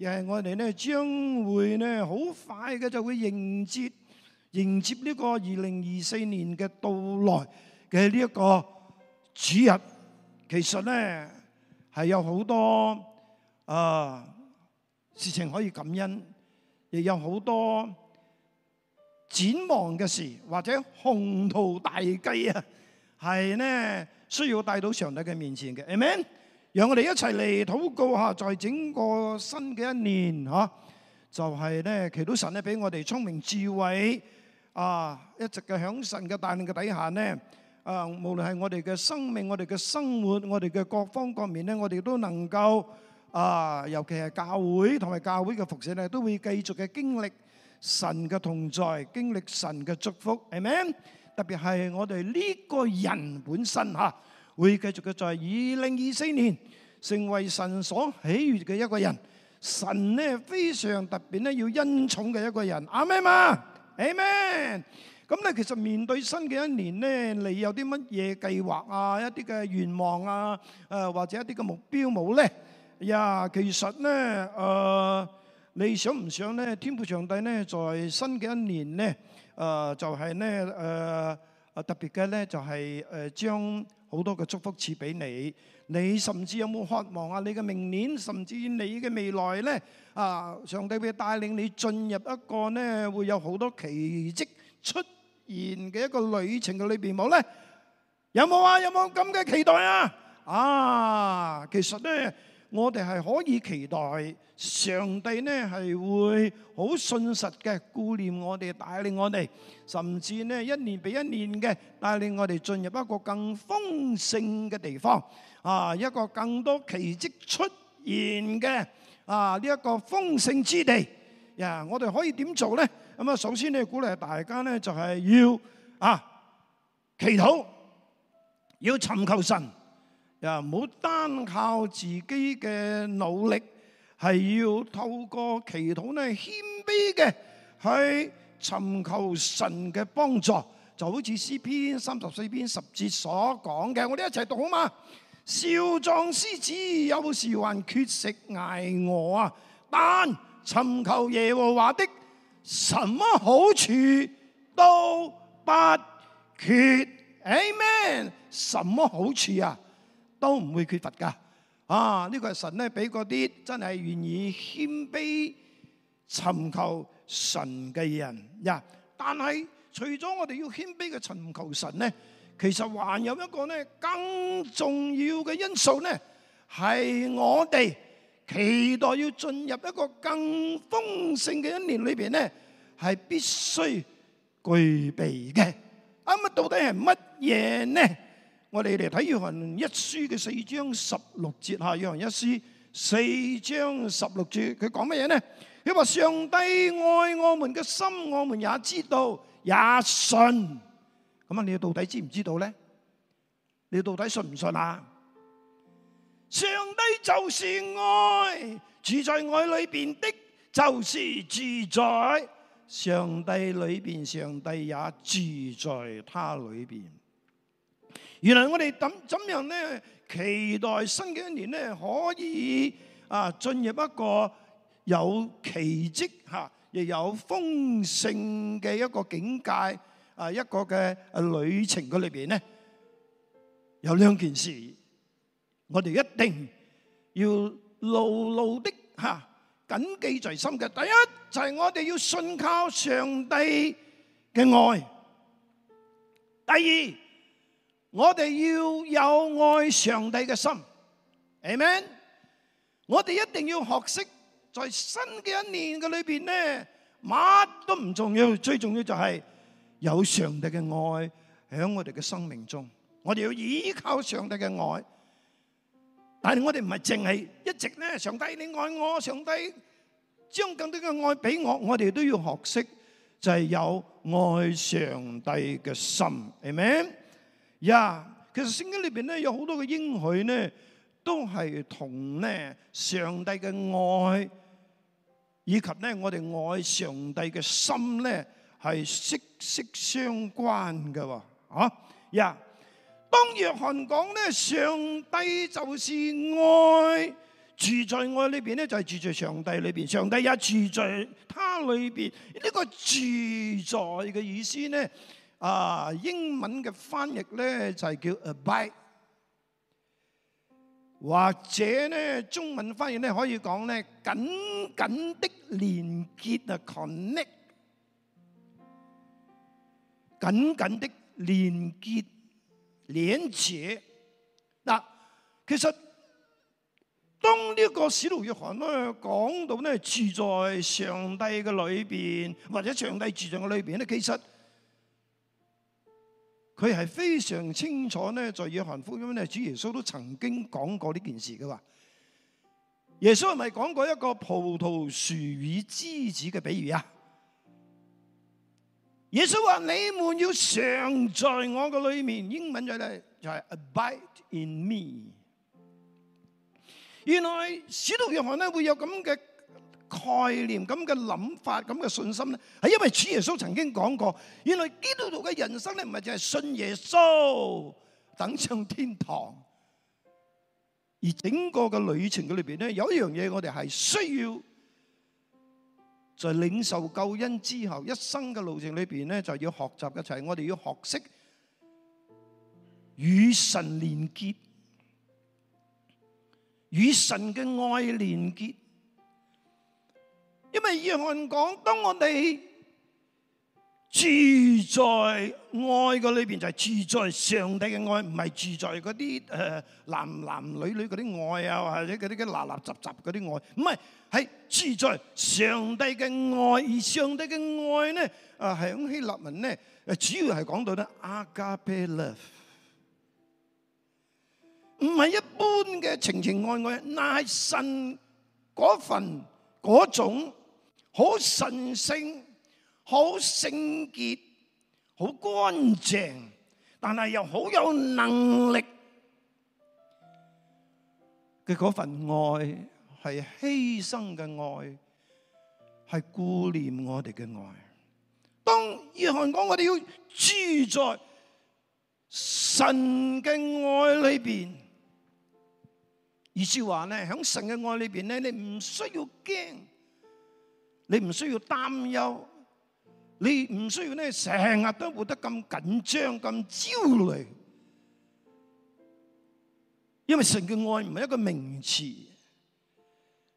亦係我哋咧，將會咧好快嘅就會迎接迎接呢個二零二四年嘅到來嘅呢一個主日。其實咧係有好多啊事情可以感恩，亦有好多展望嘅事或者宏圖大計啊，係咧需要帶到上帝嘅面前嘅。Amen。讓我哋一齊嚟禱告下，在整個新嘅一年，吓就係咧祈禱神咧俾我哋聰明智慧啊！一直嘅喺神嘅大能嘅底下咧，啊，無論係我哋嘅生命、我哋嘅生活、我哋嘅各方各面咧，我哋都能夠啊，尤其係教會同埋教會嘅服侍咧，都會繼續嘅經歷神嘅同在，經歷神嘅祝福，係咪？特別係我哋呢個人本身吓。會繼續嘅就係二零二四年成為神所喜悦嘅一個人，神咧非常特別咧要恩寵嘅一個人。阿們嘛，阿們，咁咧其實面對新嘅一年咧，你有啲乜嘢計劃啊？一啲嘅願望啊，誒，或者一啲嘅目標冇咧？呀，其實咧誒，你想唔想咧？天父上帝咧，在新嘅一年咧，誒就係咧誒，特別嘅咧就係誒將。好多嘅祝福賜俾你，你甚至有冇渴望啊？你嘅明年，甚至你嘅未來呢，啊！上帝會帶領你進入一個呢會有好多奇蹟出現嘅一個旅程嘅裏邊冇呢？有冇啊？有冇咁嘅期待啊？啊！其實呢～我哋係可以期待上帝呢係會好信實嘅顧念我哋，帶領我哋，甚至呢一年比一年嘅帶領我哋進入一個更豐盛嘅地方，啊，一個更多奇蹟出現嘅啊，呢一個豐盛之地。呀，我哋可以點做呢？咁啊，首先呢鼓勵大家呢就係要啊祈禱，要尋求神。又唔好單靠自己嘅努力，係要透過祈禱咧，謙卑嘅去尋求神嘅幫助。就好似詩篇三十四篇十節所講嘅，我哋一齊讀好嗎？少壯獅子有時還缺食挨餓啊，但尋求耶和華的什麼好處都不缺。Amen。什麼好處啊？都唔會缺乏噶，啊呢個係神咧俾嗰啲真係願意謙卑尋求神嘅人呀。但係除咗我哋要謙卑嘅尋求神咧，其實還有一個咧更重要嘅因素咧，係我哋期待要進入一個更豐盛嘅一年裏邊咧，係必須具備嘅。咁啊，到底係乜嘢呢？我哋嚟睇《約翰一書》嘅四章十六節吓，《約翰一書》四章十六節，佢講乜嘢呢？佢話上帝愛我們嘅心，我們也知道，也信。咁啊，你到底知唔知道呢？你到底信唔信啊？上帝就是愛，住在愛裏邊的，就是住在上帝裏邊。上帝也住在他裏邊。原來我哋噉噉樣咧，期待新嘅一年咧，可以啊進入一個有奇蹟吓，亦有豐盛嘅一個境界啊，一個嘅啊旅程嘅裏邊咧，有兩件事，我哋一定要牢牢的吓謹記在心嘅。第一就係我哋要信靠上帝嘅愛。第二。我哋要有愛上帝嘅心，amen。我哋一定要學識在新嘅一年嘅裏邊咧，乜都唔重要，最重要就係有上帝嘅愛喺我哋嘅生命中。我哋要依靠上帝嘅愛，但係我哋唔係淨係一直咧。上帝，你愛我，上帝將更多嘅愛俾我，我哋都要學識就係有愛上帝嘅心，amen。呀、yeah，其實聖經裏邊咧有好多嘅應許咧，都係同咧上帝嘅愛，以及咧我哋愛上帝嘅心咧係息息相關嘅。啊，呀，當約翰講咧，上帝就是愛，住在愛裏邊咧就係住在上帝裏邊，上帝也住在他裏邊。呢、這個住在嘅意思咧？啊，英文嘅翻譯咧就係叫 abide，或者咧中文翻譯咧可以講咧緊緊的連結啊，connect，緊緊的連結連接。嗱，其實當呢個使徒約翰咧講到咧住在上帝嘅裏邊，或者上帝住在我裏邊咧，其實。佢係非常清楚咧，在《約翰福音》咧，主耶穌都曾經講過呢件事嘅。耶穌係咪講過一個葡萄樹與枝子嘅比喻啊？耶穌話：你們要常在我嘅裏面，英文就係就係 abide in me。原來使徒約翰咧會有咁嘅。概念咁嘅諗法，咁嘅信心咧，係因為主耶穌曾經講過，原來基督徒嘅人生咧，唔係淨係信耶穌等上天堂，而整個嘅旅程嘅裏邊咧，有一樣嘢我哋係需要，在、就是、領受救恩之後，一生嘅路程裏邊咧，就係要學習嘅就係，我哋要學識與神連結，與神嘅愛連結。因為約翰講，當我哋住在愛嘅裏邊，就係住在上帝嘅愛，唔係住在嗰啲誒男男女女嗰啲愛啊，或者嗰啲嘅拉拉雜雜嗰啲愛，唔係喺住在上帝嘅愛，而上帝嘅愛咧，誒係響希臘文咧，誒主要係講到咧阿加貝 love，唔係一般嘅情情愛愛，乃係神嗰份嗰種。好神聖，你唔需要擔憂，你唔需要咧成日都活得咁緊張、咁焦慮，因為神嘅愛唔係一個名詞，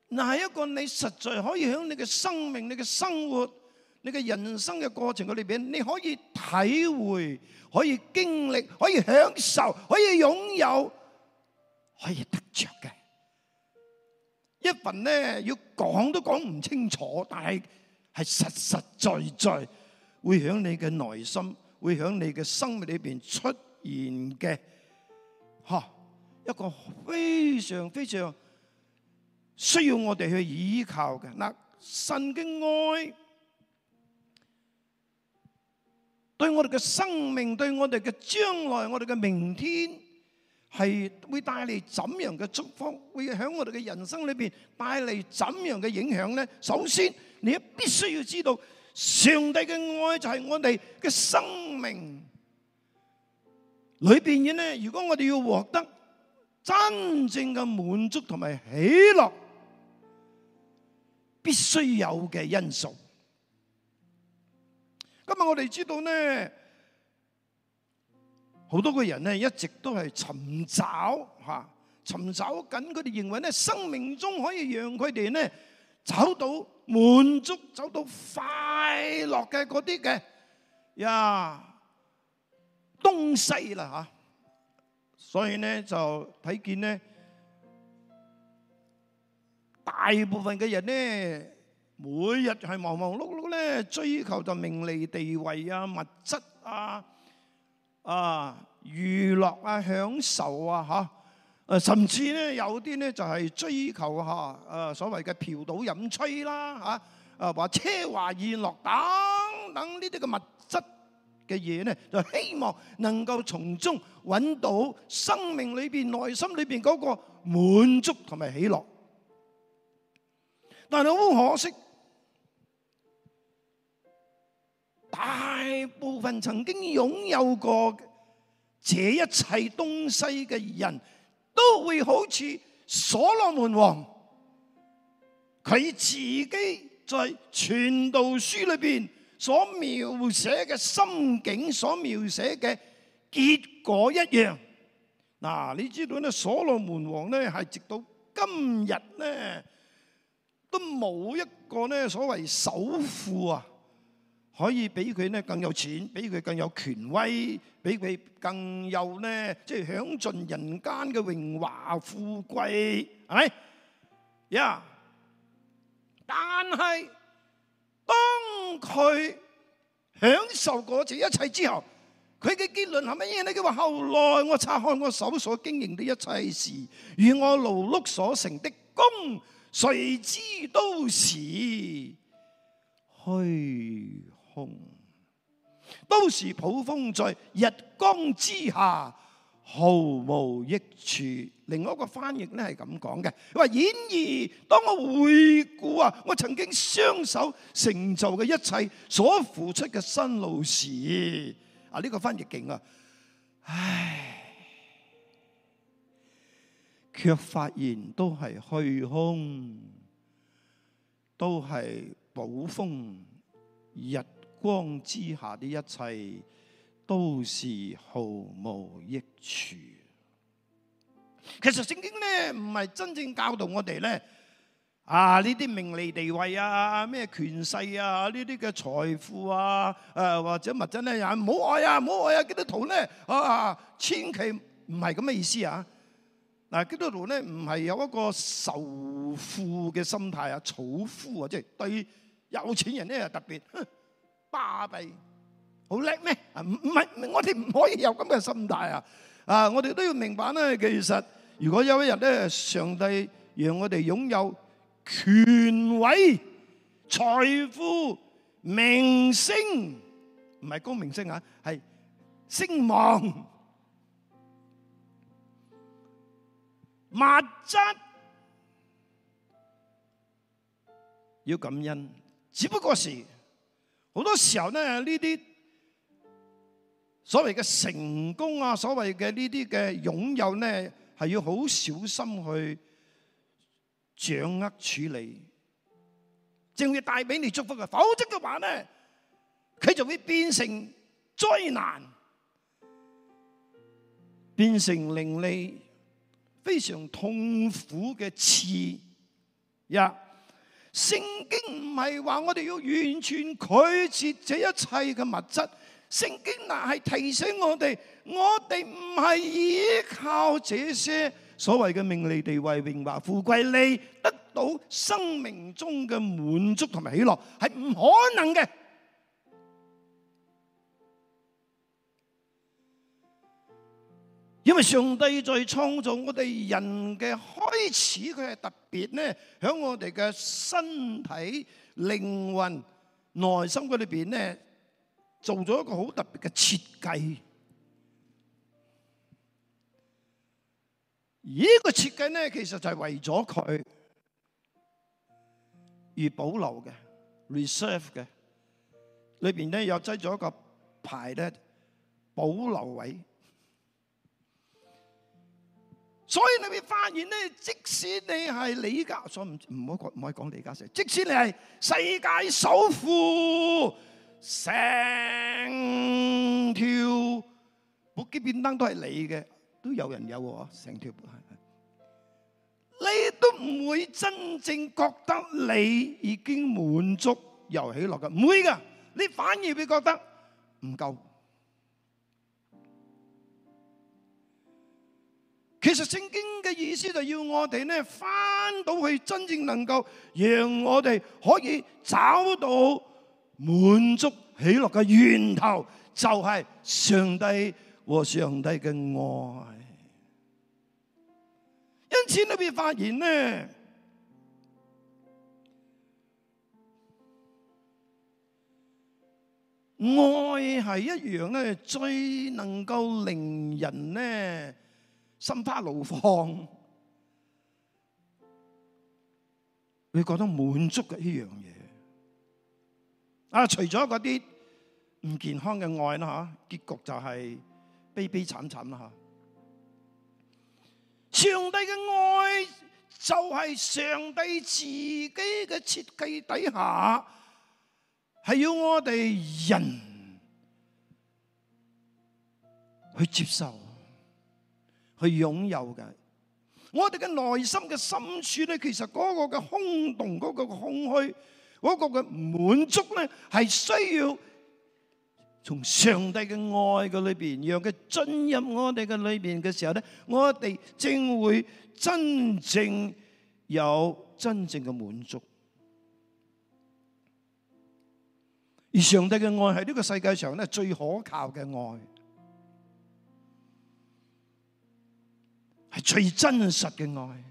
嗱，係一個你實在可以喺你嘅生命、你嘅生活、你嘅人生嘅過程嘅裏邊，你可以體會、可以經歷、可以享受、可以擁有、可以得着嘅。一份呢要講都講唔清楚，但係係實實在在會響你嘅內心，會響你嘅生命裏邊出現嘅，吓一個非常非常需要我哋去依靠嘅。嗱，神嘅愛對我哋嘅生命，對我哋嘅將來，我哋嘅明天。係會帶嚟怎樣嘅祝福？會喺我哋嘅人生裏邊帶嚟怎樣嘅影響咧？首先，你必須要知道，上帝嘅愛就係我哋嘅生命裏邊嘅咧。如果我哋要獲得真正嘅滿足同埋喜樂，必須有嘅因素。今日我哋知道咧。好多嘅人咧一直都係尋找嚇，尋找緊佢哋認為咧生命中可以讓佢哋咧找到滿足、找到快樂嘅嗰啲嘅呀東西啦嚇。所以咧就睇見咧大部分嘅人咧，每日係忙忙碌碌咧追求就名利地位啊、物質啊。啊，娛樂啊，享受啊，嚇！誒，甚至咧有啲咧就係、是、追求嚇、啊，誒、啊啊、所謂嘅嫖賭飲吹啦，嚇、啊，誒、啊、話奢華宴樂等等呢啲嘅物質嘅嘢咧，就希望能夠從中揾到生命裏邊內心裏邊嗰個滿足同埋喜樂。但係好可惜。大部分曾經擁有過這一切東西嘅人都會好似所羅門王，佢自己在傳道書裏邊所描寫嘅心境，所描寫嘅結果一樣。嗱、啊，你知道呢？所羅門王呢係直到今日呢，都冇一個呢所謂首富啊。可以俾佢呢更有錢，俾佢更有權威，俾佢更有呢即係享盡人間嘅榮華富貴，係咪？呀、yeah！但係當佢享受過這一切之後，佢嘅結論係乜嘢呢？佢話：後來我察看我手所經營嘅一切事，與我勞碌所成的功，誰知都是虛。空，都是捕風，在日光之下毫無益處。另外一個翻譯呢係咁講嘅，話演而當我回顧啊，我曾經雙手成就嘅一切所付出嘅辛勞時，啊、這、呢個翻譯勁啊，唉，卻發現都係虛空，都係捕風日。光之下的一切都是毫無益處。其實聖經咧，唔係真正教導我哋咧，啊呢啲名利地位啊咩權勢啊呢啲嘅財富啊誒或者物質咧，又唔好愛啊唔好愛啊！基督徒咧啊，千祈唔係咁嘅意思啊！嗱，基督徒咧，唔係有一個仇富嘅心態啊，草夫啊，即係對有錢人咧特別。巴閉，好叻咩？唔唔係，我哋唔可以有咁嘅心態啊！啊，我哋都要明白咧。其實，如果有一日咧，上帝讓我哋擁有權位、財富、名聲，唔係高名聲啊，係聲望、物質，要感恩，只不過是。好多時候咧，呢啲所謂嘅成功啊，所謂嘅呢啲嘅擁有咧，係要好小心去掌握處理，正會帶俾你祝福嘅；否則嘅話咧，佢就會變成災難，變成令你非常痛苦嘅刺，呀！Yeah. 聖經唔係話我哋要完全拒絕這一切嘅物質，聖經啊係提醒我哋，我哋唔係依靠這些所謂嘅名利地位榮華富貴嚟得到生命中嘅滿足同埋喜樂，係唔可能嘅。因為上帝在創造我哋人嘅開始，佢係特別咧，喺我哋嘅身體、靈魂、內心嘅裏邊咧，做咗一個好特別嘅設計。而呢個設計咧，其實就係為咗佢而保留嘅、reserve 嘅，裏邊咧又擠咗一個牌咧保留位。所以你會發現咧，即使你係李嘉，唔，唔好講唔好講李嘉誠，即使你係世界首富，成條摩機變燈都係你嘅，都有人有喎，成條係。你都唔會真正覺得你已經滿足又喜樂嘅，唔會㗎。你反而會覺得唔夠。其實聖經嘅意思就係要我哋咧返到去真正能夠讓我哋可以找到滿足喜樂嘅源頭，就係上帝和上帝嘅愛。因此你會發現咧，愛係一樣咧最能夠令人咧。心花怒放，會覺得滿足嘅呢樣嘢？啊，除咗嗰啲唔健康嘅愛啦，吓，結局就係悲悲慘慘啦，吓。上帝嘅愛就係上帝自己嘅設計底下，係要我哋人去接受。去擁有嘅，我哋嘅內心嘅深處咧，其實嗰個嘅空洞、嗰個空虛、嗰個嘅唔滿足咧，係需要從上帝嘅愛嘅裏邊，讓佢進入我哋嘅裏邊嘅時候咧，我哋正會真正有真正嘅滿足。而上帝嘅愛係呢個世界上咧，最可靠嘅愛。係最真實嘅愛，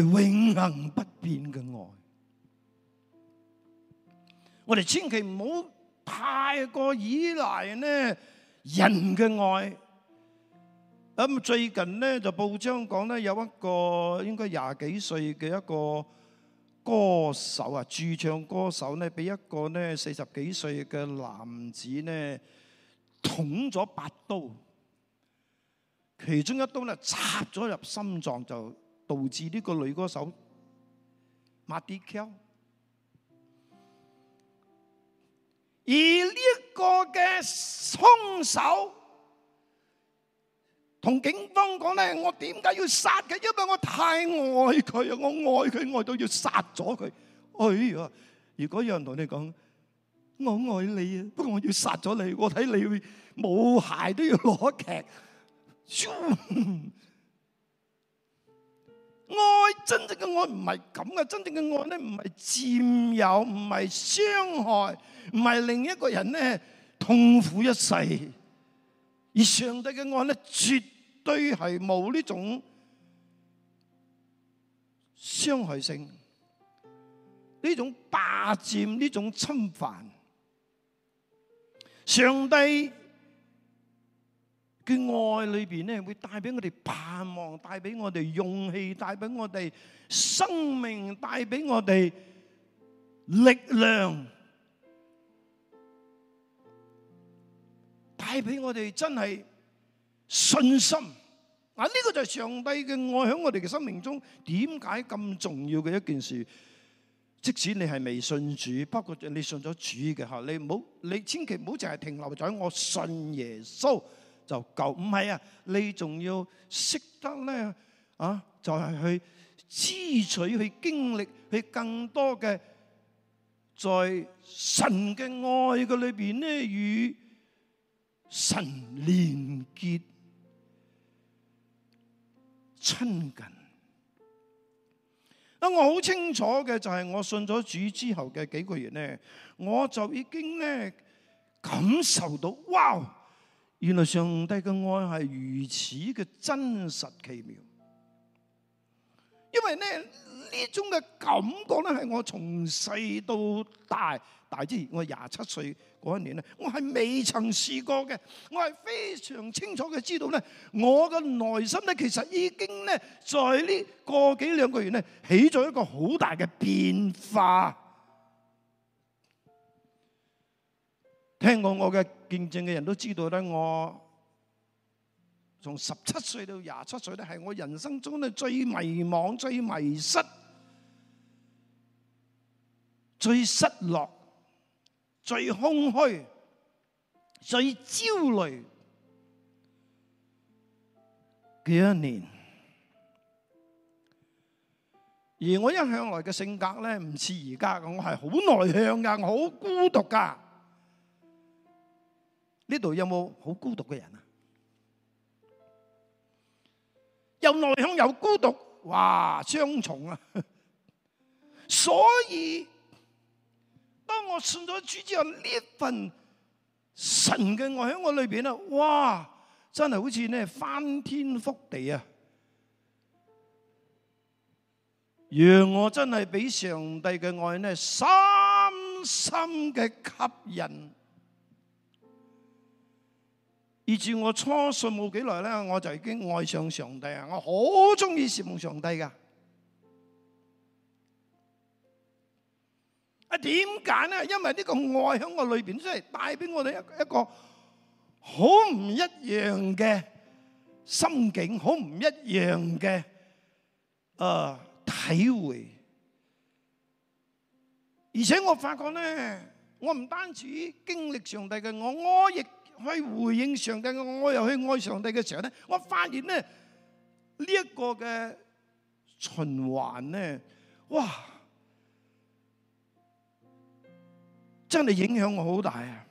係永恒不變嘅愛。我哋千祈唔好太過依賴呢人嘅愛。咁最近呢就報章講呢，有一個應該廿幾歲嘅一個歌手啊，駐唱歌手呢，俾一個呢四十幾歲嘅男子呢捅咗八刀。其中一刀咧插咗入心臟，就導致呢個女歌手 Madical。而呢個嘅凶手同警方講咧：我點解要殺佢？因為我太愛佢啊！我愛佢愛到要殺咗佢。哎呀！如果有人同你講我愛你啊，不過我要殺咗你，我睇你會冇鞋都要攞劇。愛，真正嘅愛唔係咁嘅，真正嘅愛呢唔係佔有，唔係傷害，唔係令一個人呢痛苦一世。而上帝嘅愛呢，絕對係冇呢種傷害性，呢種霸佔，呢種侵犯。上帝嘅愛裏邊咧，會帶俾我哋盼望，帶俾我哋勇氣，帶俾我哋生命，帶俾我哋力量，帶俾我哋真係信心。啊，呢個就係上帝嘅愛喺我哋嘅生命中，點解咁重要嘅一件事？即使你係未信主，不過你信咗主嘅話，你唔好，你千祈唔好淨係停留在我信耶穌。就夠？唔係啊！你仲要識得咧啊！就係去支取、去經歷、去更多嘅，在神嘅愛嘅裏邊咧，與神連結親近。啊！我好清楚嘅就係我信咗主之後嘅幾個月咧，我就已經咧感受到，哇！原來上帝嘅愛係如此嘅真實奇妙，因為咧呢種嘅感覺咧係我從細到大，大之前我廿七歲嗰一年咧，我係未曾試過嘅，我係非常清楚嘅知道咧，我嘅內心咧其實已經咧在呢個幾兩個月咧起咗一個好大嘅變化。聽過我嘅見證嘅人都知道咧，我從十七歲到廿七歲咧，係我人生中咧最迷惘、最迷失、最失落、最空虛、最焦慮嘅一年。而我一向來嘅性格咧，唔似而家，我係好內向噶，我好孤獨噶。呢度有冇好孤獨嘅人啊？又內向又孤獨，哇，雙重啊！所以當我信咗主之後，呢份神嘅愛喺我裏邊咧，哇，真係好似呢翻天覆地啊！讓我真係俾上帝嘅愛呢，深深嘅吸引。以至我初信冇幾耐咧，我就已經愛上上帝啊！我好中意羨慕上帝噶。啊，點解咧？因為呢個愛喺我裏邊，真係帶俾我哋一一個好唔一樣嘅心境，好唔一樣嘅誒體會。而且我發覺咧，我唔單止經歷上帝嘅，我安逸。去回應上帝，我又去愛上帝嘅時候咧，我發現咧呢一個嘅循環咧，哇，真係影響我好大啊！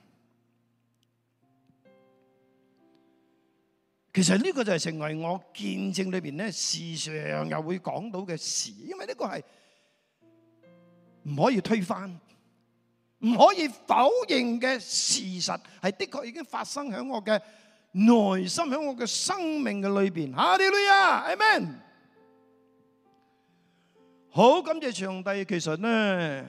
其實呢個就係成為我見證裏邊咧時常又會講到嘅事，因為呢個係唔可以推翻。唔可以否認嘅事實係的確已經發生喺我嘅內心，喺我嘅生命嘅裏邊。哈利路亞，阿們，好感謝上帝。其實呢，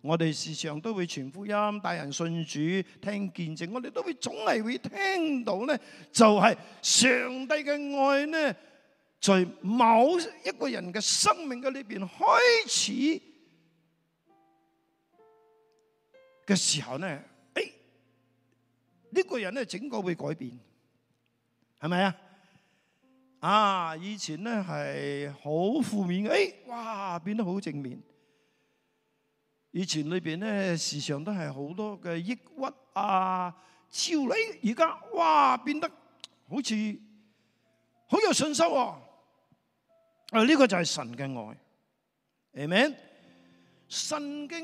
我哋時常都會傳福音，帶人信主、聽見證，我哋都會總係會聽到呢，就係上帝嘅愛呢，在某一個人嘅生命嘅裏邊開始。嘅時候呢，誒、哎，呢、這個人呢整個會改變，係咪啊？啊，以前呢係好負面嘅，誒、哎啊，哇，變得好正面。以前裏邊呢時常都係好多嘅抑鬱啊、焦慮，而家哇變得好似好有信心、哦。啊，呢、這個就係神嘅愛，明唔明？神嘅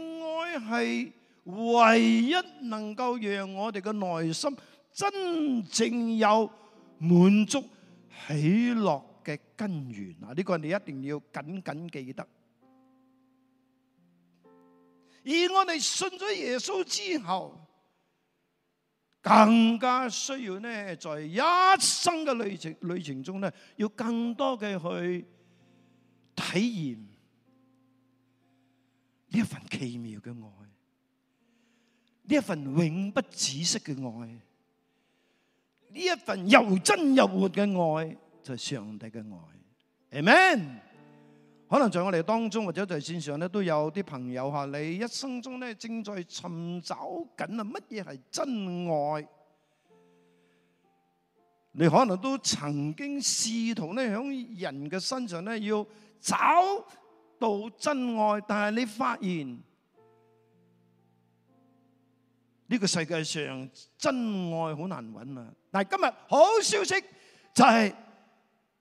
愛係。唯一能夠讓我哋嘅內心真正有滿足喜樂嘅根源啊！呢個你一定要緊緊記得。而我哋信咗耶穌之後，更加需要呢，在一生嘅旅程旅程中呢，要更多嘅去體驗呢一份奇妙嘅愛。呢一份永不止息嘅愛，呢一份又真又活嘅愛，就係上帝嘅愛，Amen。可能在我哋當中或者在線上咧，都有啲朋友吓，你一生中咧正在尋找緊啊，乜嘢係真愛？你可能都曾經試圖咧響人嘅身上咧要找到真愛，但係你發現。呢個世界上真愛好難揾啊！但係今日好消息就係，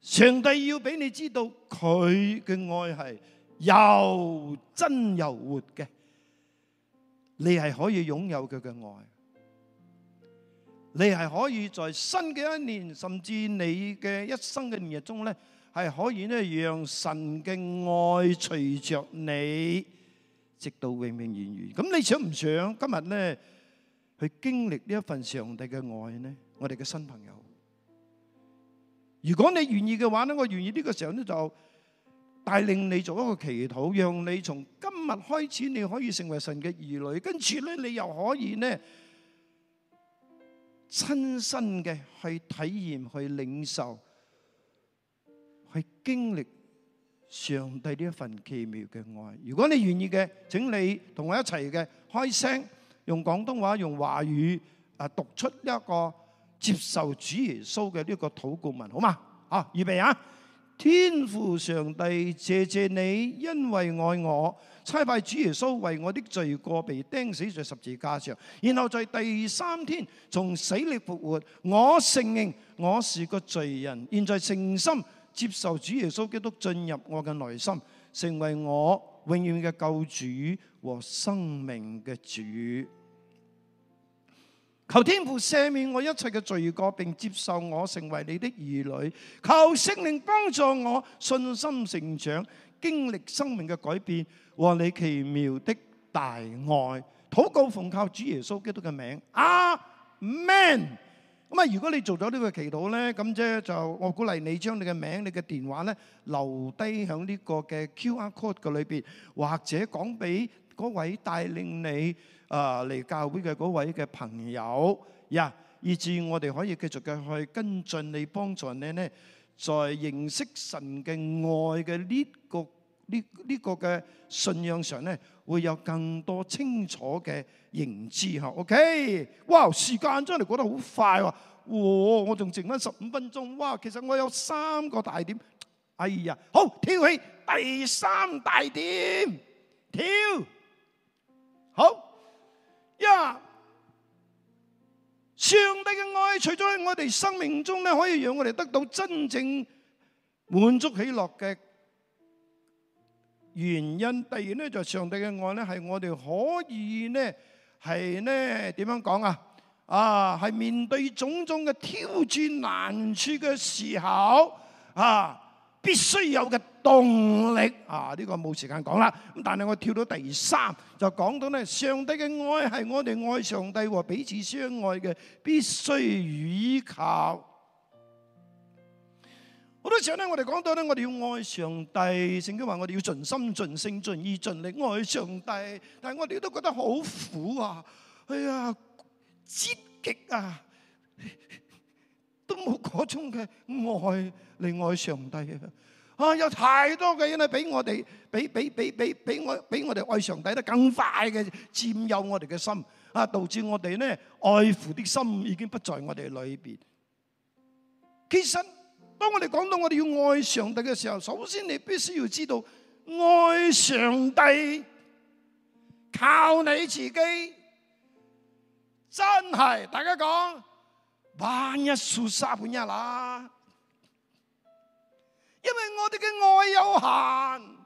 上帝要俾你知道佢嘅愛係又真又活嘅，你係可以擁有佢嘅愛，你係可以在新嘅一年，甚至你嘅一生嘅年日中咧，係可以咧讓神嘅愛隨着你，直到永永遠遠。咁你想唔想今日咧？去經歷呢一份上帝嘅愛呢，我哋嘅新朋友，如果你願意嘅話呢，我願意呢個時候呢就帶領你做一個祈禱，讓你從今日開始你可以成為神嘅兒女，跟住呢你又可以呢親身嘅去體驗、去領受、去經歷上帝呢一份奇妙嘅愛。如果你願意嘅，請你同我一齊嘅開聲。用廣東話，用華語啊，讀出一個接受主耶穌嘅呢一個禱告文，好嘛？啊，預備啊！天父上帝，謝謝你，因為愛我，差派主耶穌為我啲罪過被釘死在十字架上，然後在第三天從死裡復活。我承認我是個罪人，現在誠心接受主耶穌基督進入我嘅內心，成為我，永遠嘅救主和生命嘅主，求天父赦免我一切嘅罪過，並接受我成為你的兒女。求聖靈幫助我信心成長，經歷生命嘅改變，和你奇妙的大愛。禱告奉靠主耶穌基督嘅名，阿們。咁啊！如果你做咗呢個祈禱咧，咁啫就我鼓勵你將你嘅名、你嘅電話咧留低響呢個嘅 QR code 嘅裏邊，或者講俾嗰位帶領你啊嚟教會嘅嗰位嘅朋友呀，以致我哋可以繼續嘅去跟進你，幫助你咧，在認識神嘅愛嘅呢個。呢呢個嘅信仰上咧會有更多清楚嘅認知吓 OK 哇，時間真係過得好快啊，哇，我仲剩返十五分鐘，哇，其實我有三個大點哎呀好，跳起第三大點跳好呀，上帝嘅愛除咗喺我哋生命中咧可以讓我哋得到真正滿足喜樂嘅。Wow, 原因，第二咧就上帝嘅愛咧，係我哋可以呢，係呢點樣講啊？啊，係面對種種嘅挑戰難處嘅時候啊，必須有嘅動力啊！呢個冇時間講啦。咁但係我跳到第三就講到咧，上帝嘅愛係我哋愛上帝和彼此相愛嘅必須依靠。好多時候咧，我哋講到咧，我哋要愛上帝。聖經話我哋要盡心、盡性、盡意、盡力愛上帝。但係我哋都覺得好苦啊，哎呀，積極啊，都冇嗰種嘅愛嚟愛上帝嘅。啊，有太多嘅人咧，俾我哋，俾俾俾俾俾我俾我哋愛上帝得更快嘅，佔有我哋嘅心啊，導致我哋咧愛父的心已經不在我哋裏邊。其實。當我哋講到我哋要愛上帝嘅時候，首先你必須要知道愛上帝靠你自己，真係大家講，萬一樹三本一啦，因為我哋嘅愛有限，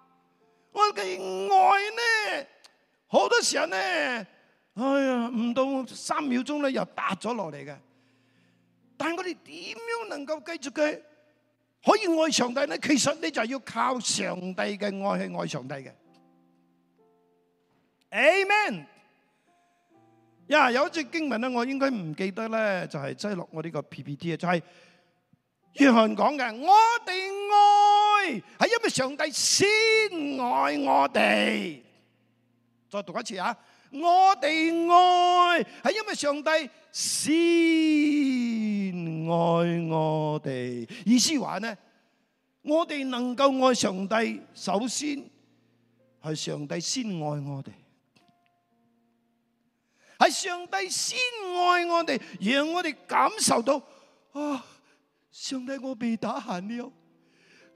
我哋嘅愛呢好多時候呢，哎呀唔到三秒鐘咧又打咗落嚟嘅，但係我哋點樣能夠繼續佢？可以愛上帝咧，其實你就係要靠上帝嘅愛去愛上帝嘅。阿門。呀，有一節經文咧，我應該唔記得咧，就係擠落我呢個 PPT 嘅，就係約翰講嘅，我哋愛係因為上帝先愛我哋。再讀一次啊！我哋愛係因為上帝先愛我哋，意思話呢，我哋能夠愛上帝，首先係上帝先愛我哋，係上帝先愛我哋，讓我哋感受到啊，上帝我被打閒了。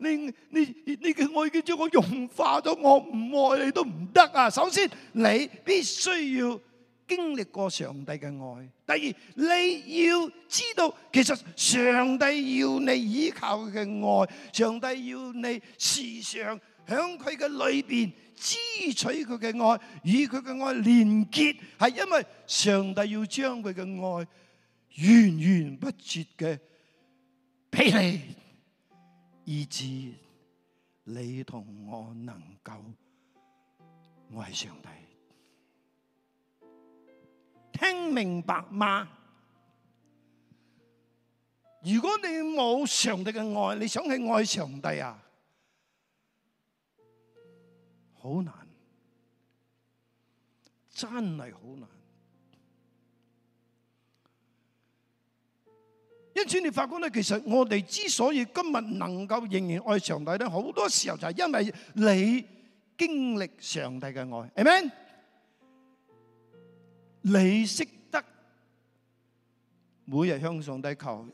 你你你嘅愛已經將我融化咗，我唔愛你都唔得啊！首先，你必須要經歷過上帝嘅愛；第二，你要知道其實上帝要你依靠佢嘅愛，上帝要你時常響佢嘅裏邊支取佢嘅愛，與佢嘅愛連結，係因為上帝要將佢嘅愛源源不絕嘅俾你。以致你同我能夠愛上帝，聽明白嗎？如果你冇上帝嘅愛，你想去愛上帝呀，好難，真係好難。主，你法官咧，其實我哋之所以今日能夠仍然愛上帝咧，好多時候就係因為你經歷上帝嘅愛，Amen？你識得每日向上帝求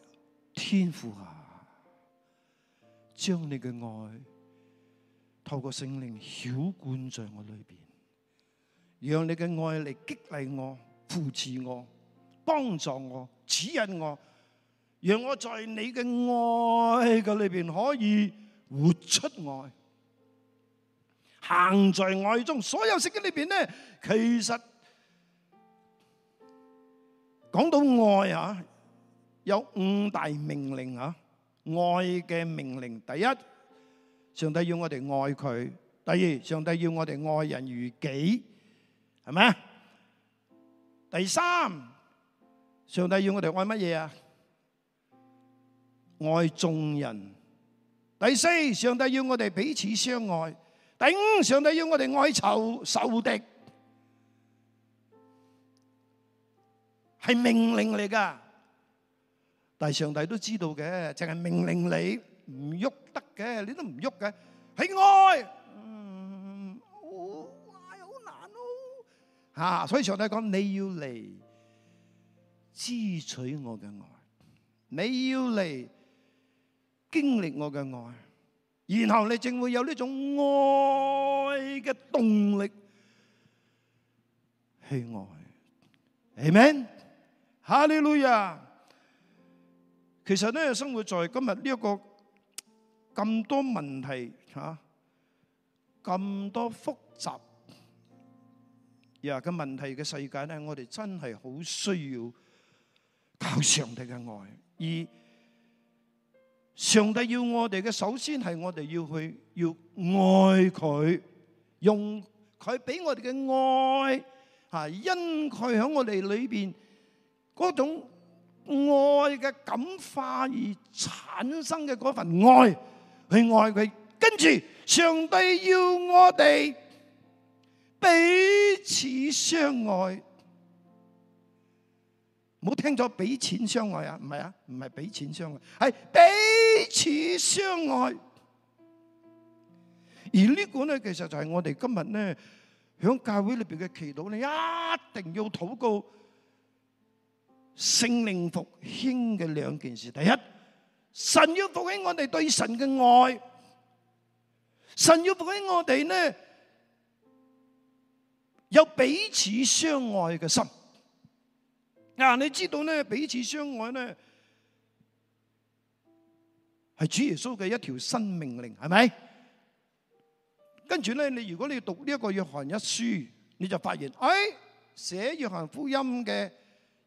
天父啊，將你嘅愛透過聖靈澆灌在我裏邊，讓你嘅愛嚟激勵我、扶持我、幫助我、指引我。讓我在你嘅愛嘅裏邊可以活出愛，行在愛中。所有聖經裏邊呢，其實講到愛啊，有五大命令啊。愛嘅命令，第一，上帝要我哋愛佢；第二，上帝要我哋愛人如己，係咪？第三，上帝要我哋愛乜嘢啊？愛眾人，第四，上帝要我哋彼此相愛。第五，上帝要我哋愛仇仇敵，係命令嚟㗎。但係上帝都知道嘅，淨係命令你唔喐得嘅，你都唔喐嘅，係愛，嗯，好難囉。吓，所以上帝講你要嚟支取我嘅愛，你要嚟。經歷我嘅愛，然後你正會有呢種愛嘅動力去愛，Amen，哈利路亞。其實咧，生活在今日呢一個咁多問題吓，咁多複雜呀嘅問題嘅世界咧，我哋真係好需要靠上帝嘅愛而。上帝要我哋嘅，首先係我哋要去要愛佢，用佢俾我哋嘅愛，吓，因佢喺我哋裏邊嗰種愛嘅感化而產生嘅嗰份愛去愛佢，跟住上帝要我哋彼此相愛。冇聽咗俾錢相愛啊，唔係啊，唔係俾錢相愛，係彼此相愛。而呢個咧，其實就係我哋今日咧，響教會裏邊嘅祈禱咧，一定要禱告聖靈復興嘅兩件事。第一，神要復興我哋對神嘅愛，神要復興我哋咧有彼此相愛嘅心。嗱，你知道咧，彼此相愛咧，係主耶穌嘅一條新命令，係咪？跟住咧，你如果你讀呢一個約翰一書，你就發現，哎，寫約翰福音嘅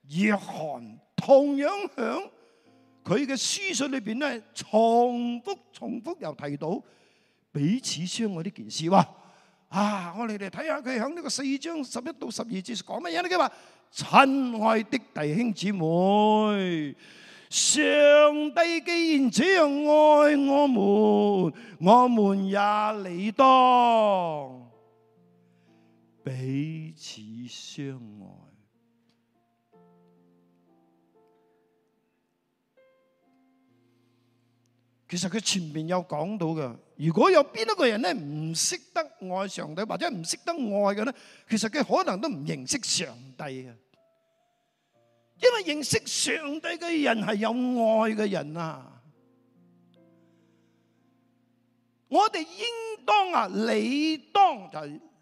約翰同樣響佢嘅書信裏邊咧，重複重複又提到彼此相愛呢件事。哇！啊，我哋嚟睇下佢響呢個四章十一到十二節講乜嘢咧？佢話。親愛的弟兄姊妹，上帝既然這樣愛我們，我們也理當彼此相愛。其實佢前面有講到嘅。如果有邊一個人咧唔識得愛上帝，或者唔識得愛嘅咧，其實佢可能都唔認識上帝啊！因為認識上帝嘅人係有愛嘅人啊！我哋應當啊，理當啊。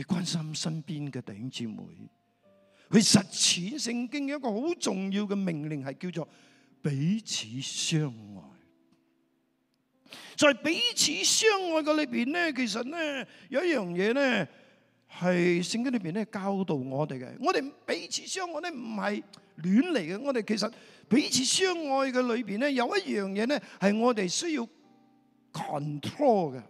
你關心身邊嘅弟兄姊妹，去實踐聖經有一個好重要嘅命令係叫做彼此相愛。在彼此相愛嘅裏邊咧，其實咧有一樣嘢咧係聖經裏邊咧教導我哋嘅。我哋彼此相愛咧唔係亂嚟嘅，我哋其實彼此相愛嘅裏邊咧有一樣嘢咧係我哋需要 control 嘅，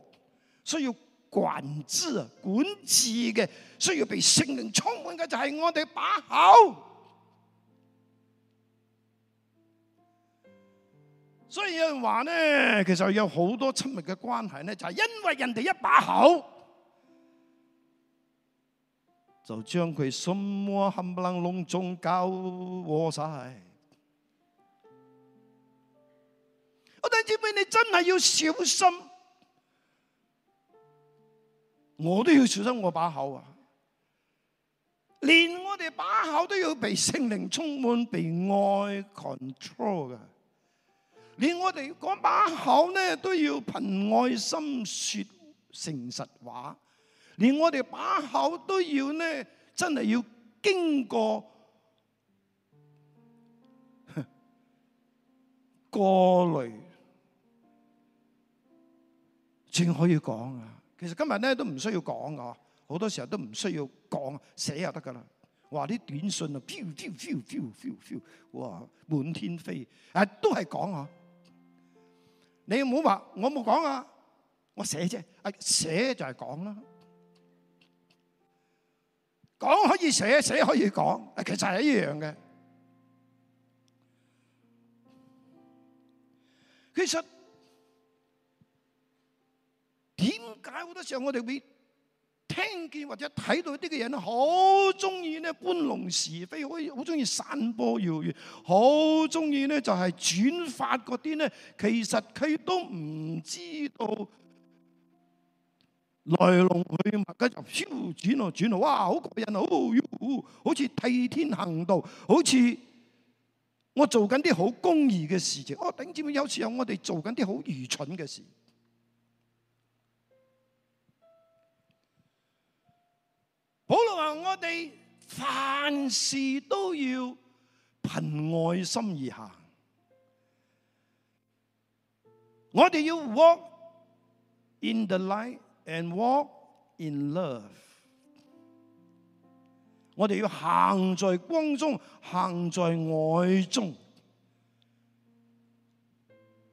需要。管治啊，管治嘅需要被聖靈充滿嘅就係、是、我哋把口。所以有人話咧，其實有好多親密嘅關係咧，就係、是、因為人哋一把口，就將佢心窩冚唪唥籠中教禍晒。我哋姊妹，你真係要小心。我都要小心我把口啊！連我哋把口都要被聖靈充滿，被愛 control 噶。連我哋嗰把口咧都要憑愛心說誠實話。連我哋把口都要咧，真係要經過過濾，正可以講啊！其實今日咧都唔需要講啊，好多時候都唔需要講，寫就得噶啦。哇，啲短信啊飄飄飄飄飄飄，哇滿天飛，誒、啊、都係講啊。你唔好話我冇講啊，我寫啫，誒、啊、寫就係講啦、啊。講可以寫，寫可以講，其實係一樣嘅。其實。點解好多時候我哋會聽見或者睇到啲嘅人好中意咧搬弄是非，好好中意散播謠言，好中意咧就係轉發嗰啲咧，其實佢都唔知道來龍去脈，跟住飄轉啊轉啊，哇好過癮啊，哦喲，好似替天行道，好似我做緊啲好公義嘅事情。哦頂尖，有時候我哋做緊啲好愚蠢嘅事情。好啦，話我哋凡事都要憑愛心而行。我哋要 walk in the light and walk in love。我哋要行在光中，行在愛中。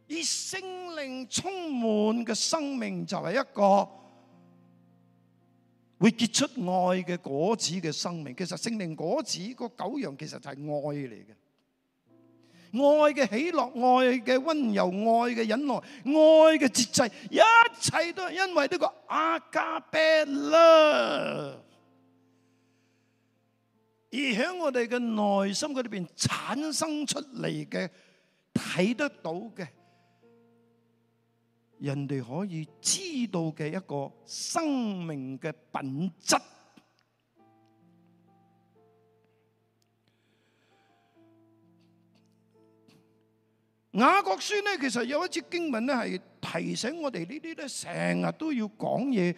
以聖靈充滿嘅生命就係一個。會結出愛嘅果子嘅生命，其實聖靈果子個九樣，其實就係愛嚟嘅。愛嘅喜樂，愛嘅溫柔，愛嘅忍耐，愛嘅節制，一切都係因為呢個阿迦比 love，而喺我哋嘅內心嗰裏邊產生出嚟嘅，睇得到嘅，人哋可以知道嘅一個生命嘅品質。雅各書咧，其實有一節經文咧，係提醒我哋呢啲咧，成日都要講嘢，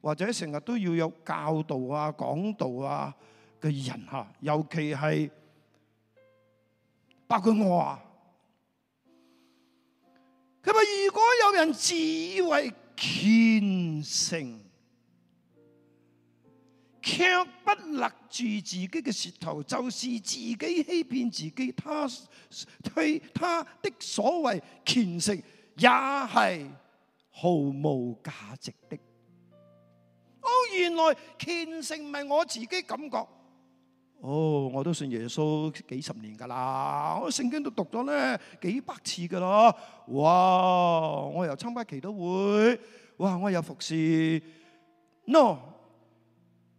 或者成日都要有教導啊、講道啊嘅人嚇，尤其係包括我啊。如果有人自以為虔誠，却不勒住自己嘅舌頭，就是自己欺騙自己。他佢他，他的所謂虔誠，也係毫無價值的。哦，原來虔誠唔係我自己的感覺。哦、oh，我都信耶穌幾十年噶啦，我聖經都讀咗咧幾百次噶啦，哇，我又參加祈禱會，哇，我又服侍。no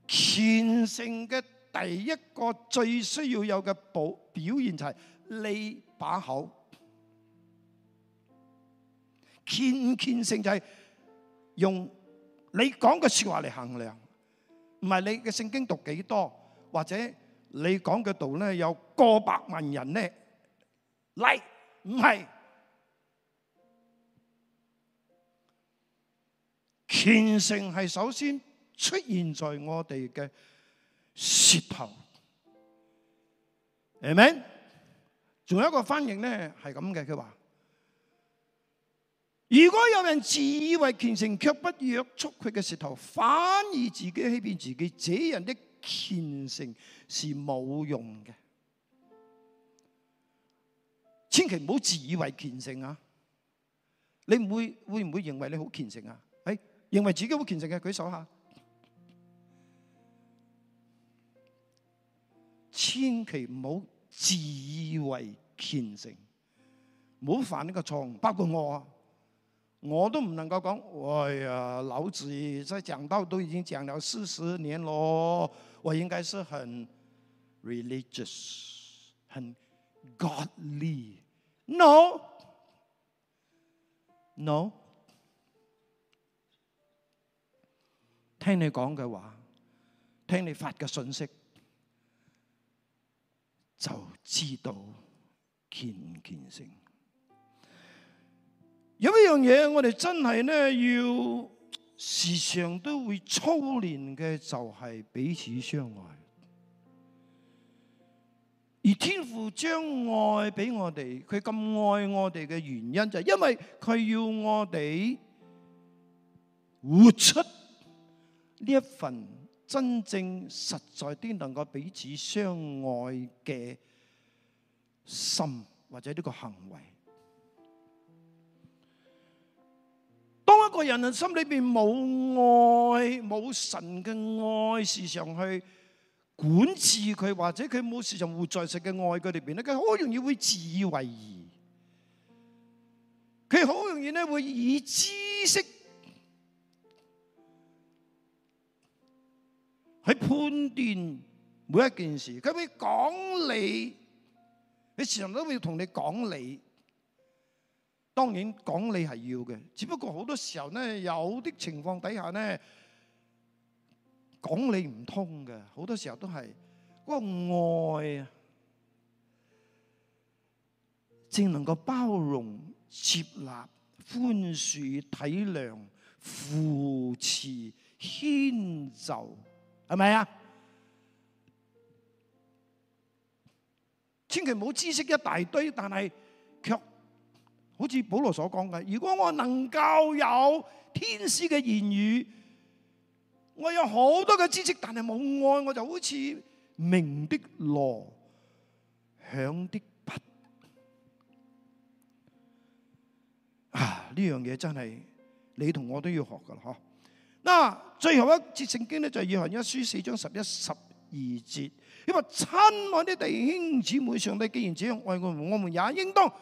虔誠嘅第一個最需要有嘅表表現就係你把口虔虔誠就係用你講嘅說話嚟衡量，唔係你嘅聖經讀幾多或者。你講嘅度咧有過百萬人咧嚟，唔係虔誠係首先出現在我哋嘅舌頭，明唔明？仲有一個翻譯咧係咁嘅，佢話：如果有人自以為虔誠，卻不約束佢嘅舌頭，反而自己欺騙自己，這人的。虔誠是冇用嘅，千祈唔好自以為虔誠啊！你唔會會唔會認為你好虔誠啊？誒、哎，認為自己好虔誠嘅舉手下，千祈唔好自以為虔誠，唔好犯呢個錯誤，包括我啊！我都唔能夠講，哎呀，老子在講道都已經講了四十年咯，我應該是很 religious，很 godly，no，no，no。聽你講嘅話，聽你發嘅信息，就知道虔唔虔誠。有一樣嘢，我哋真係咧要時常都會操練嘅，就係彼此相愛。而天父將愛俾我哋，佢咁愛我哋嘅原因就係因為佢要我哋活出呢一份真正實在啲能夠彼此相愛嘅心，或者呢個行為。個人人心裏邊冇愛，冇神嘅愛，時常去管治佢，或者佢冇時常活在神嘅愛佢裏邊咧，佢好容易會自以為義，佢好容易咧會以知識去判斷每一件事，佢會講理，你時常都會同你講理。當然講理係要嘅，只不過好多時候呢，有啲情況底下呢，講理唔通嘅，好多時候都係嗰個愛啊正能夠包容、接納、寬恕、體諒、扶持、遷就，係咪啊？千祈唔好知識一大堆，但係。好似保羅所講嘅，如果我能夠有天使嘅言語，我有好多嘅知識，但係冇愛，我就好似鳴的鑼，響的鈸。啊，呢樣嘢真係你同我都要學噶啦嗬。那最後一節聖經咧，就係約翰一書四章十一十二節，因為親愛的弟兄姊妹，上帝既然這樣愛我們，我們也應當。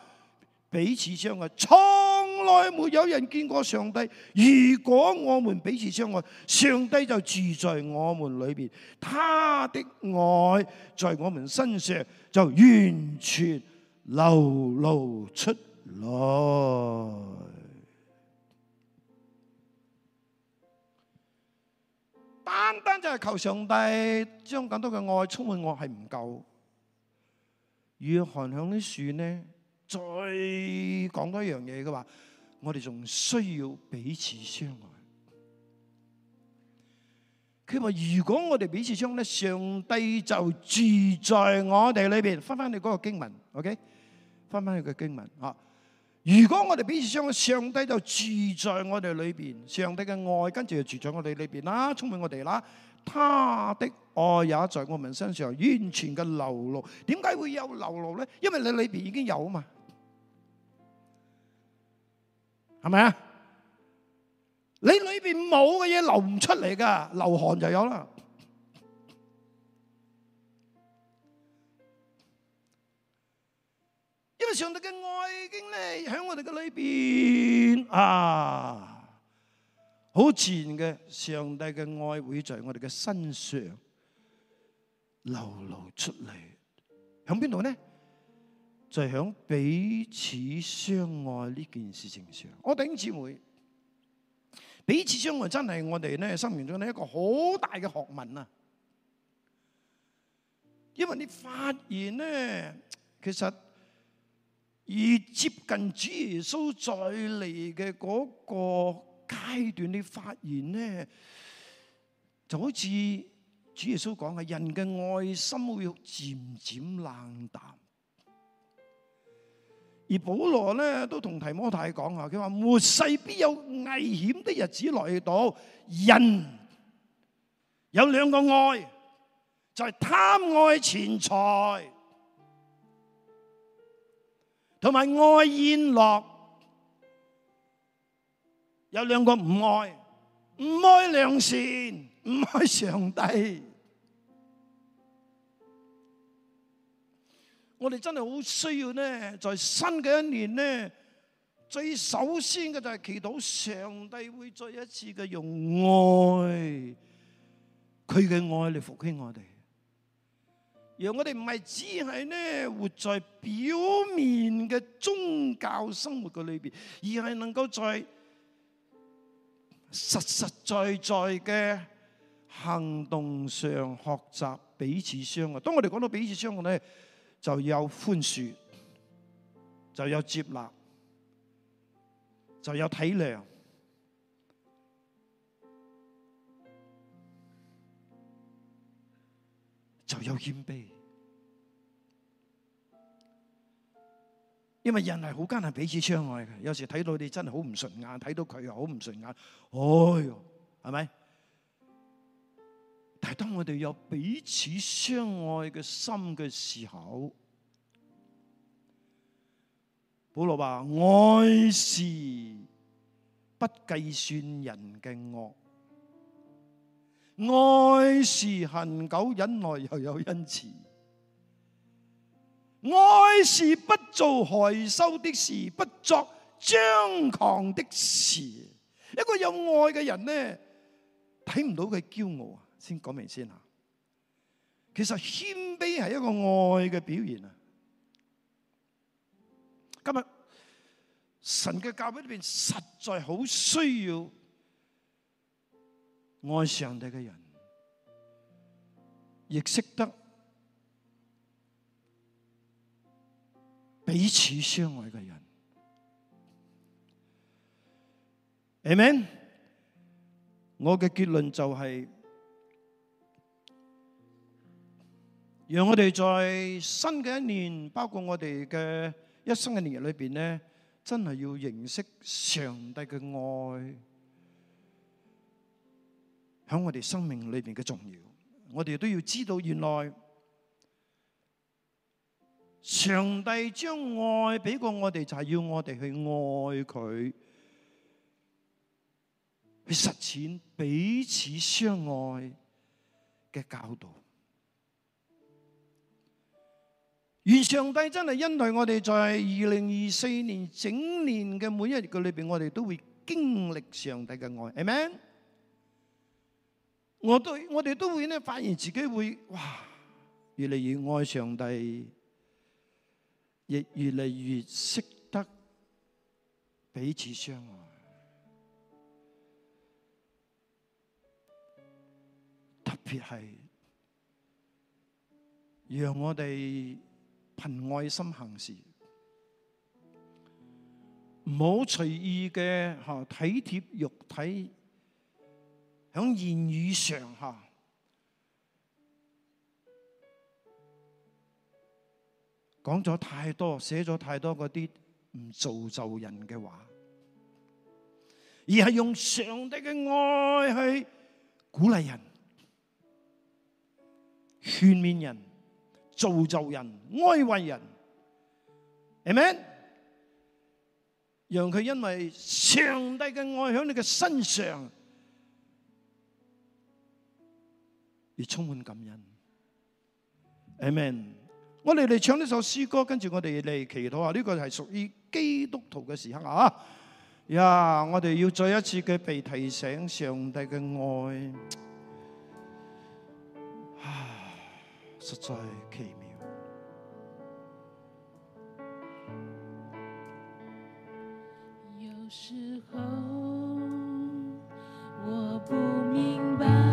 彼此相愛，從來沒有人見過上帝。如果我們彼此相愛，上帝就住在我們裏邊，他的愛在我們身上就完全流露出來。單單就係求上帝將更多嘅愛充滿我，係唔夠。約翰響啲樹呢？再講多一樣嘢嘅話，我哋仲需要彼此相愛。佢話如果我哋彼此相愛，上帝就住在我哋裏邊。翻翻去嗰個經文，OK，翻翻去個經文。吓，如果我哋彼此相愛，上帝就住在我哋裏邊。上帝嘅愛跟住就住在我哋裏邊啦，充滿我哋啦。他的愛也在我們身上完全嘅流露。點解會有流露咧？因為你裏邊已經有啊嘛。係咪啊？你裏邊冇嘅嘢流唔出嚟噶，流汗就有啦。因為上帝嘅愛已經咧喺我哋嘅裏邊啊，好自然嘅，上帝嘅愛會在我哋嘅身上流露出嚟。響邊度呢？就喺彼此相愛呢件事情上，我弟兄姊妹，彼此相愛真係我哋咧生命中咧一個好大嘅學問啊！因為你發現咧，其實越接近主耶穌再嚟嘅嗰個階段，你發現咧，就好似主耶穌講嘅，人嘅愛心會漸漸冷淡。而保羅咧，都同提摩太講，我哋真係好需要呢。在新嘅一年呢，最首先嘅就係祈禱上帝會再一次嘅用愛，佢嘅愛嚟復興我哋，讓我哋唔係只係呢，活在表面嘅宗教生活嘅裏邊，而係能夠在實實在在嘅行動上學習彼此相愛。當我哋講到彼此相愛咧，就有寬恕，就有接納，就有體諒，就有謙卑。因為人係好艱難彼此相愛嘅。有時睇到你真係好唔順眼，睇到佢又好唔順眼。哎喲，係咪？但係，當我哋有彼此相愛嘅心嘅時候，保羅話：愛是不計算人嘅惡，愛是恒久忍耐又有恩慈，愛是不做害羞的事，不作張狂的事。一個有愛嘅人呢，睇唔到佢驕傲啊！先講明先吓，其實謙卑係一個愛嘅表現啊！今日神嘅教會裏邊實在好需要愛上帝嘅人，亦識得彼此相愛嘅人。Amen，我嘅結論就係。讓我哋在新嘅一年，包括我哋嘅一生嘅年日裏邊呢，真係要認識上帝嘅愛，喺我哋生命裏面嘅重要。我哋都要知道，原來上帝將愛畀過我哋，就係、是、要我哋去愛佢，去實踐彼此相愛嘅教導。願上帝真係恩待我哋，在二零二四年整年嘅每一日嘅裏邊，我哋都會經歷上帝嘅愛，Amen？我都我哋都會咧，發現自己會哇，越嚟越愛上帝，亦越嚟越識得彼此相愛，特別係讓我哋，憑愛心行事，唔好隨意噉體貼肉體，響言語上噉講咗太多，寫咗太多嗰啲唔造就人嘅話，而係用上帝嘅愛去鼓勵人，勸勉人，造就人、安慰人，阿們，讓佢因為上帝嘅愛喺你嘅身上而充滿感恩。阿們，我哋嚟唱呢首詩歌，跟住我哋嚟祈禱啊！呢個係屬於基督徒嘅時刻啊！呀，我哋要再一次嘅被提醒上帝嘅愛。實在奇妙。有時候我不明白。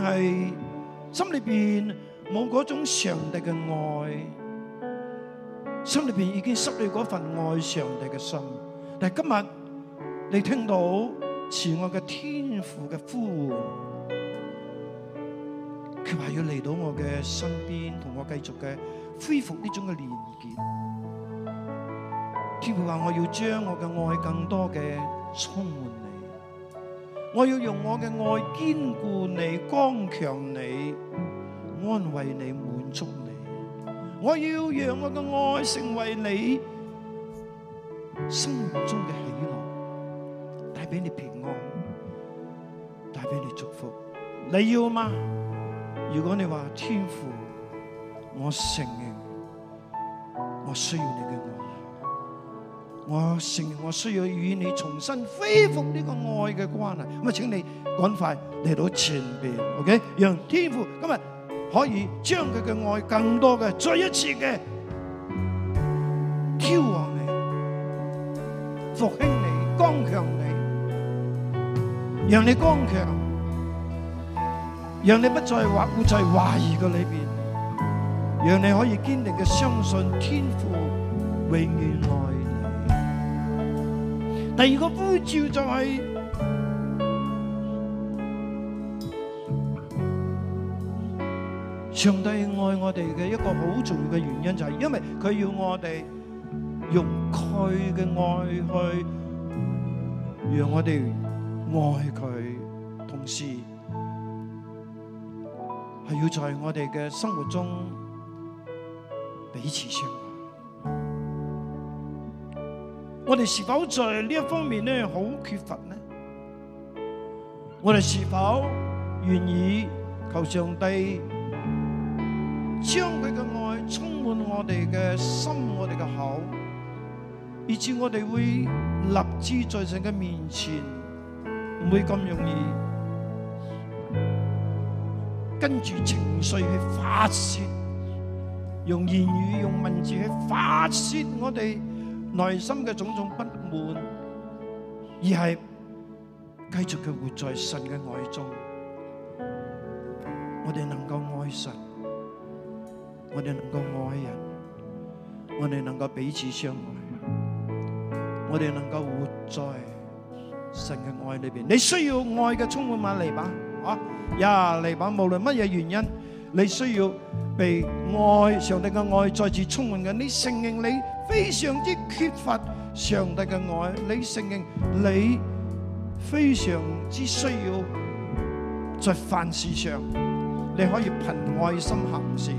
係心裏邊冇嗰種上帝嘅愛，心裏邊已經失去嗰份愛上帝嘅心。但係今日你聽到慈愛嘅天父嘅呼喚，佢話要嚟到我嘅身邊，同我繼續嘅恢復呢種嘅連結。天父話，我要將我嘅愛更多嘅充滿。我要用我嘅愛堅固你、剛強你、安慰你、滿足你。我要讓我嘅愛成為你生命中嘅喜樂，帶俾你平安，帶俾你祝福。你要嗎？如果你話天父，我承認我需要你嘅。我承認，我需要與你重新恢復呢個愛嘅關係。咁啊，請你趕快嚟到前邊，OK？讓天父今日可以將佢嘅愛更多嘅，再一次嘅挑旺你，復興你，剛強你，讓你剛強，讓你不再懷，不再懷疑個裏邊，讓你可以堅定嘅相信天父永遠愛。第二個呼召就係上帝愛我哋嘅一個好重要嘅原因，就係因為佢要我哋用佢嘅愛去讓我哋愛佢，同時係要在我哋嘅生活中彼此相。我哋是否在呢一方面咧好缺乏呢？我哋是否願意求上帝將佢嘅愛充滿我哋嘅心，我哋嘅口，以致我哋會立志在神嘅面前，唔會咁容易跟住情緒去發洩，用言語、用文字去發洩我哋內心嘅種種不滿，而係繼續佢活在神嘅愛中。我哋能夠愛神，我哋能夠愛人，我哋能夠彼此相愛，我哋能夠活在神嘅愛裏邊。你需要愛嘅充滿嗎？嚟吧，啊呀，嚟吧！無論乜嘢原因，你需要被愛，上帝嘅愛再次充滿嘅。你承認你？非常之缺乏上帝嘅愛，你承認你非常之需要在凡事上，你可以憑愛心行事。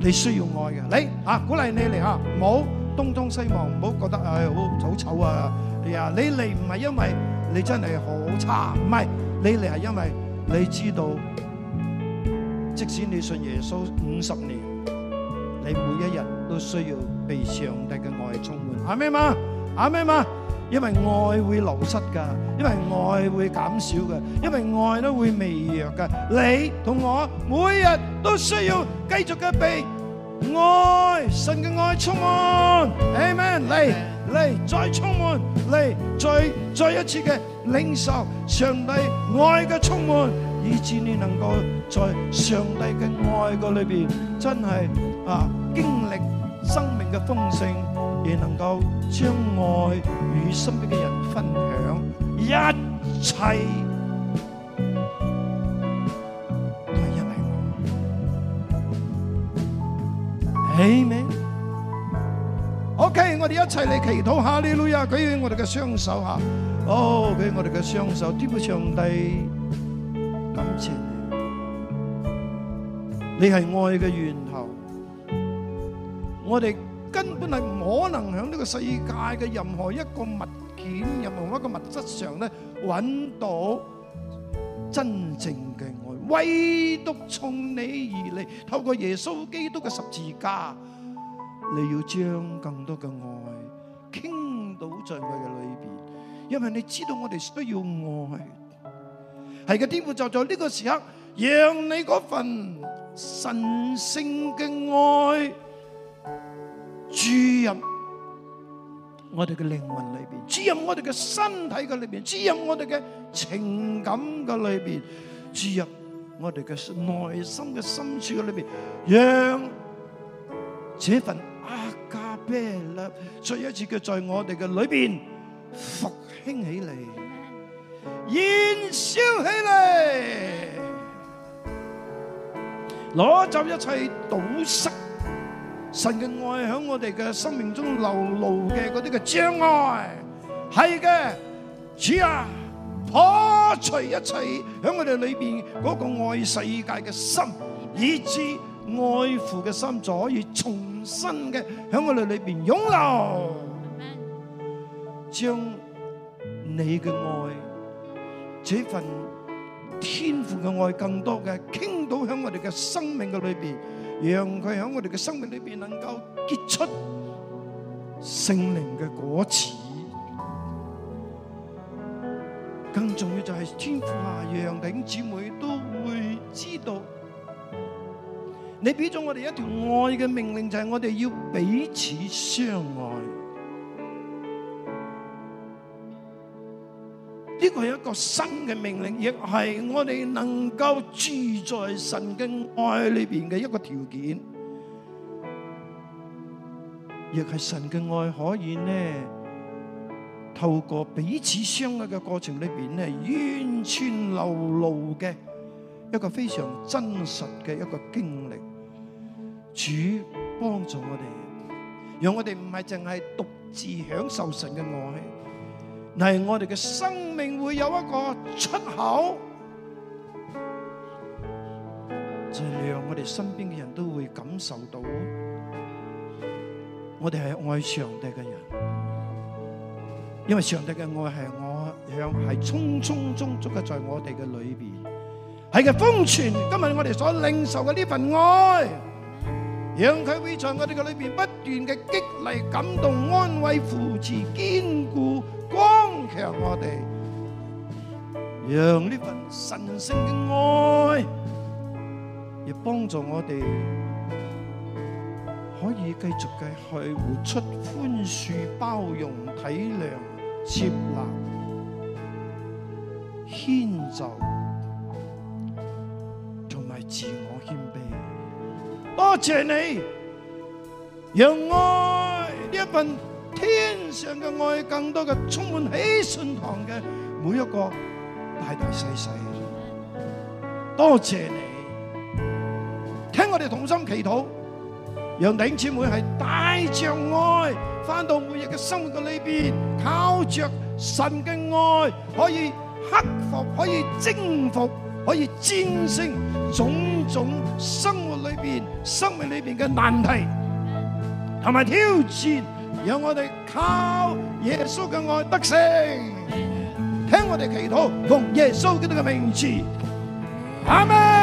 你需要愛嘅，你嚇、啊、鼓勵你嚟嚇，唔好東張西望，唔好覺得誒好好醜啊！你啊，你嚟唔係因為你真係好差，唔係你嚟係因為你知道，即使你信耶穌五十年。你每一日都需要被上帝嘅愛充滿，Amen 嘛，Amen 嘛，因為愛會流失噶，因為愛會減少噶，因為愛都會微弱噶。你同我每日都需要繼續嘅被愛神嘅愛充滿，Amen，嚟嚟再充滿，嚟再再一次嘅領受上帝愛嘅充滿，以至你能夠在上帝嘅愛嘅裏邊真係。啊！經歷生命嘅豐盛，而能夠將愛與身邊嘅人分享，一切都係因為神，係咪？OK，我哋一齊嚟祈禱下呢女啊！舉起我哋嘅雙手啊！哦，舉起我哋嘅雙手，天父上帝，感謝你，你係愛嘅源頭。我哋根本係唔可能喺呢個世界嘅任何一個物件、任何一個物質上咧揾到真正嘅愛，唯獨從你而嚟，透過耶穌基督嘅十字架，你要將更多嘅愛傾倒在我嘅裏邊，因為你知道我哋需要愛，係嘅，天父就在呢個時刻，讓你嗰份神聖嘅愛。注入我哋嘅靈魂裏邊，注入我哋嘅身體嘅裏邊，注入我哋嘅情感嘅裏邊，注入我哋嘅內心嘅深處嘅裏邊，讓這份阿加貝勒再一次嘅在我哋嘅裏邊復興起嚟，燃燒起嚟，攞走一切堵塞。神嘅愛喺我哋嘅生命中流露嘅嗰啲嘅障礙，係嘅，主啊，破除一切喺我哋裏邊嗰個愛世界嘅心，以至愛父嘅心就可以重新嘅喺我哋裏邊湧流，將你嘅愛，這份天父嘅愛更多嘅傾倒喺我哋嘅生命嘅裏邊。讓佢喺我哋嘅生命裏面能夠結出聖靈嘅果子，更重要就係天父啊，讓弟兄姊妹都會知道，你俾咗我哋一條愛嘅命令，就係我哋要彼此相愛。呢、這個係一個新嘅命令，亦係我哋能夠住在神嘅愛裏邊嘅一個條件。亦係神嘅愛可以呢透過彼此相愛嘅過程裏邊呢，完全流露嘅一個非常真實嘅一個經歷。主幫助我哋，讓我哋唔係淨係獨自享受神嘅愛。但係我哋嘅生命會有一個出口，就讓我哋身邊嘅人都會感受到，我哋係愛上帝嘅人，因為上帝嘅愛係我，讓係充充足足嘅在我哋嘅裏邊，係嘅封存。今日我哋所領受嘅呢份愛，讓佢會在我哋嘅裏邊不斷嘅激勵、感動、安慰、扶持、堅固。讓我哋，讓呢份神聖嘅愛，亦幫助我哋可以繼續嘅去活出寬恕、包容、體諒、接納、遷就，同埋自我謙卑。多謝你，讓愛呢一份。天上嘅愛，更多嘅充滿喜訊堂嘅每一個大大細細，多謝你聽我哋同心祈禱，讓弟兄姊妹係帶着愛返到每日嘅生活嘅裏邊，靠着神嘅愛可以克服，可以征服，可以戰勝種種生活裏邊、生命裏邊嘅難題同埋挑戰。讓我哋靠耶穌嘅愛得勝，聽我哋祈禱，奉耶穌基督嘅名字，阿門。